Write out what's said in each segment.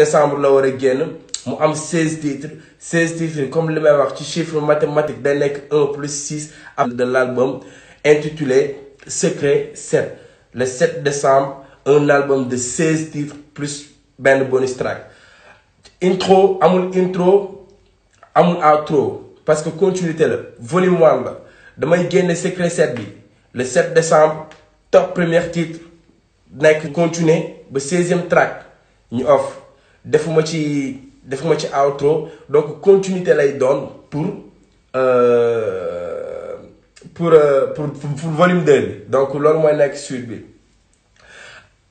décembre la wara mu 16 titres 16 titres comme le may wax ci chiffre mathématique 1 plus 6 de l'album intitulé Secret 7 le 7 décembre un album de 16 titres plus ben bonus track intro amul intro amul outro parce que continuité le volume 1 la damay génné Secret 7 le 7 décembre top premier titre nek continuer le 16e track ñu off defuma ci defuma ci outro donc continuité lay doon pour euh, pour euh, pour pour volume 2 bi donc loolu mooy nekk suite bi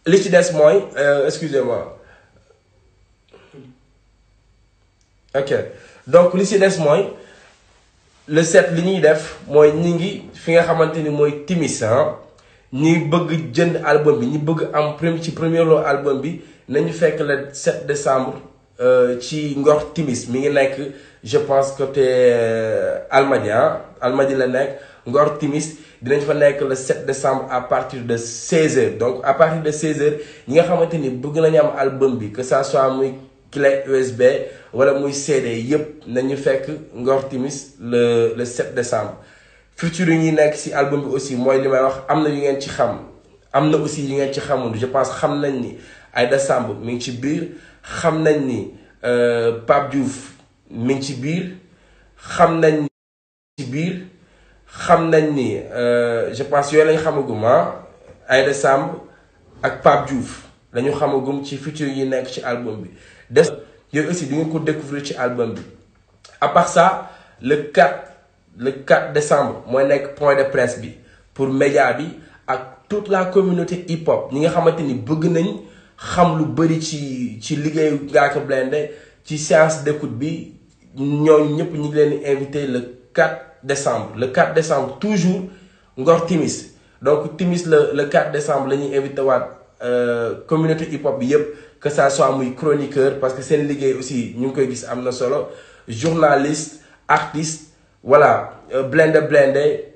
li ci des mooy euh, excusez-moi ok donc li ci des mooy le set li ñuy def mooy ñi ngi fi nga xamante ni mooy timis ah. ñi bëgg jënd album bi ñi bëgg am premier ci premier loo album bi nañu fekk le 7 décembre euh, ci Ngor timis mi ngi nekk je pense côté c'est ah Almadi la nekk Ngor timis dinañ fa nekk le 7 décembre à partir de 16h donc à partir de 16h ñi nga xamante ni bëgg nañu am album bi que ça soit muy clé USB ou muy CD yépp nañu fekk Ngor timis le le 7 décembre. futur yi ci album bi aussi mooy li may wax am na yu ci xam amna aussi yi nga ci xamul je pense xam ni Samb mi ci biir xam nañ ni euh, Pape Diouf mi ci biir xam ci biir euh, je pense lañ ah, ak Pape Diouf lañu xamagum ci futur yi nekk ci album bi des aussi di nga ko découvrir ci album à part ça le 4 le 4 décembre mooy nekk point de presse bi pour média bi ak tout la communauté hip hop ñi nga xamante ni bëgg nañ xam lu bëri ci ci liggéeyu Ngaaka Blindé ci séance d'écoute bi ñoo ñëpp ñu ngi leen invité le 4 décembre le quatre décembre toujours Ngor Timis donc Timis la le 4 décembre la ñuy invité waat euh, communauté hip hop bi yëpp que ça soit muy chroniqueur parce que seen liggéey aussi ñu ngi koy gis am na solo journaliste artiste voilà euh, Blindé Blindé